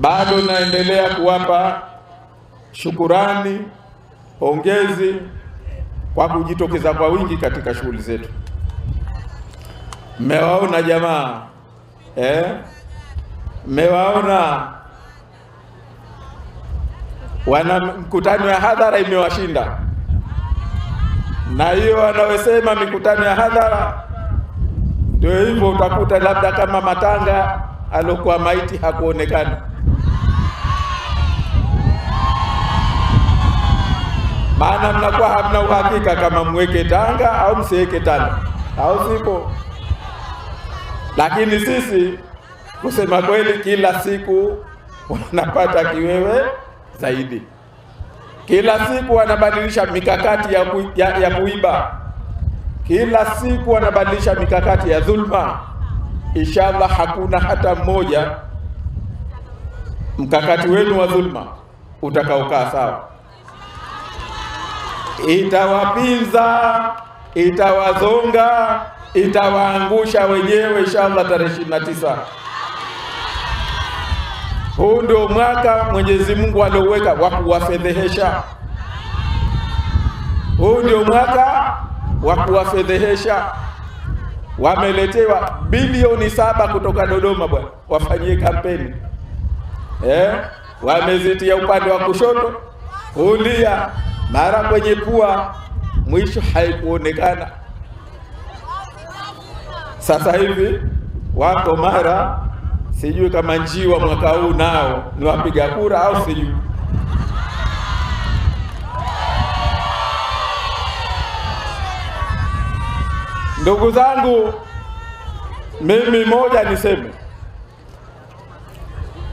Bado naendelea kuwapa shukurani, pongezi kwa kujitokeza kwa wingi katika shughuli zetu. Mmewaona jamaa eh? Mmewaona wana mkutano ya hadhara imewashinda, na hiyo wanaosema mikutano ya hadhara ndio hivyo, utakuta labda kama matanga alokuwa maiti hakuonekana. maana mnakuwa hamna uhakika kama mweke tanga au msiweke tanga, au sipo. Lakini sisi kusema kweli, kila siku wanapata kiwewe zaidi, kila siku wanabadilisha mikakati ya, ku, ya, ya kuiba, kila siku wanabadilisha mikakati ya dhulma. Inshallah hakuna hata mmoja mkakati wenu wa dhulma utakaokaa sawa itawapinza, itawazonga, itawaangusha wenyewe inshallah tarehe 29. Huu ndio mwaka Mwenyezi Mungu alioweka wa kuwafedhehesha. Huu ndio mwaka wa kuwafedhehesha. Wameletewa bilioni saba kutoka Dodoma bwana, wafanyie kampeni eh, wamezitia upande wa kushoto kulia mara kwenye pua, mwisho haikuonekana. Sasa hivi wako Mara, sijui kama njiwa mwaka huu nao ni wapiga kura au sijui Ndugu zangu, mimi moja niseme,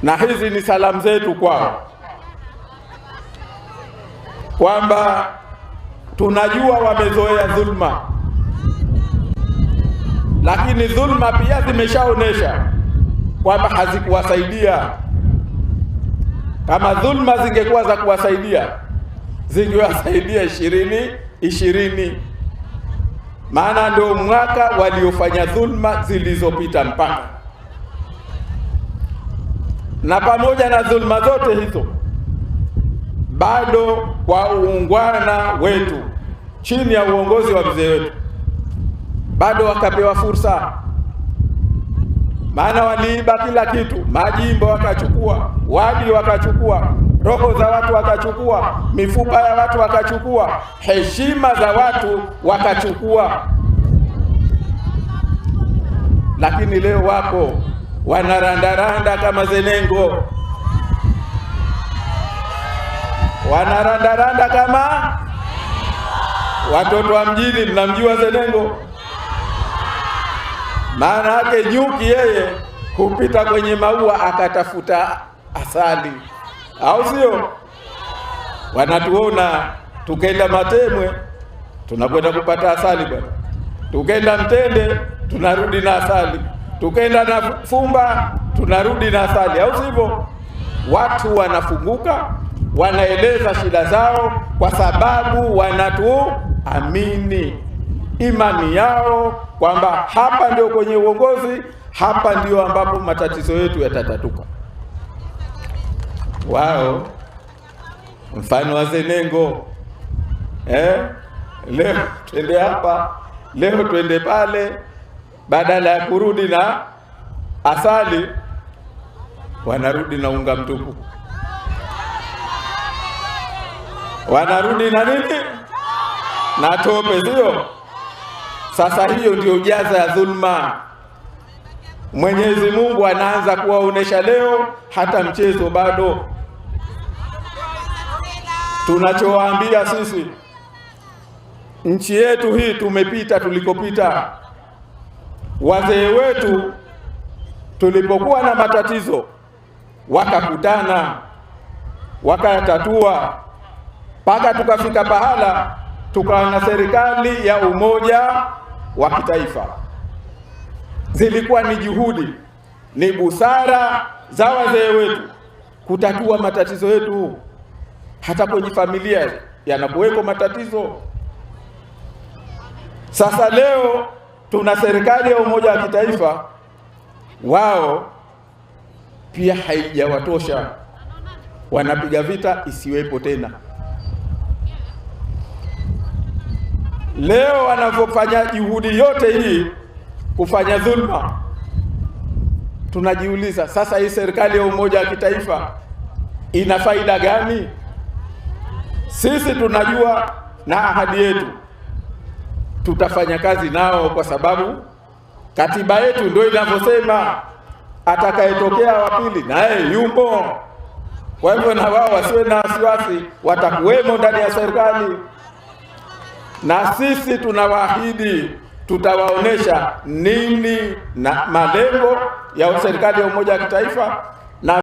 na hizi ni salamu zetu kwao kwamba tunajua wamezoea dhulma, lakini dhulma pia zimeshaonesha kwamba hazikuwasaidia. Kama dhulma zingekuwa za kuwasaidia, zingewasaidia ishirini ishirini, maana ndio mwaka waliofanya dhulma zilizopita mpaka na pamoja na dhulma zote hizo bado kwa uungwana wetu chini ya uongozi wa mzee wetu bado wakapewa fursa, maana waliiba kila kitu, majimbo wakachukua, wadi wakachukua, roho za watu wakachukua, mifupa ya watu wakachukua, heshima za watu wakachukua. Lakini leo wako wanarandaranda kama zenengo wanarandaranda kama watoto wa mjini. Mnamjua zenengo Maana yake nyuki yeye hupita kwenye maua akatafuta asali, au sio? Wanatuona tukenda Matemwe tunakwenda kupata asali bwana, tukenda Mtende tunarudi na asali, tukenda na Fumba tunarudi na asali, au sivyo? Watu wanafunguka wanaeleza shida zao kwa sababu wanatuamini imani yao kwamba hapa ndio kwenye uongozi, hapa ndio ambapo matatizo yetu yatatatuka. Wao mfano wa Zenengo eh, leo twende hapa, leo twende pale, badala ya kurudi na asali wanarudi na unga mtupu wanarudi na nini na tope, sio? Sasa hiyo ndio jaza ya dhulma. Mwenyezi Mungu anaanza kuwaonesha leo, hata mchezo bado. Tunachowaambia sisi, nchi yetu hii tumepita tulikopita. Wazee wetu tulipokuwa na matatizo, wakakutana wakayatatua mpaka tukafika pahala tukawa na serikali ya umoja wa kitaifa. Zilikuwa ni juhudi, ni busara za wazee wetu kutatua matatizo yetu. Hata kwenye familia yanapoweko matatizo. Sasa leo tuna serikali ya umoja wa kitaifa, wao pia haijawatosha, wanapiga vita isiwepo tena. leo wanavyofanya juhudi yote hii kufanya dhulma, tunajiuliza sasa, hii serikali ya umoja wa kitaifa ina faida gani? Sisi tunajua na ahadi yetu, tutafanya kazi nao kwa sababu katiba yetu ndio inavyosema, atakayetokea wa pili naye yumo. Kwa hivyo na wao wasiwe na wasiwasi, watakuwemo ndani ya serikali na sisi tunawaahidi tutawaonesha nini na malengo ya serikali ya umoja wa kitaifa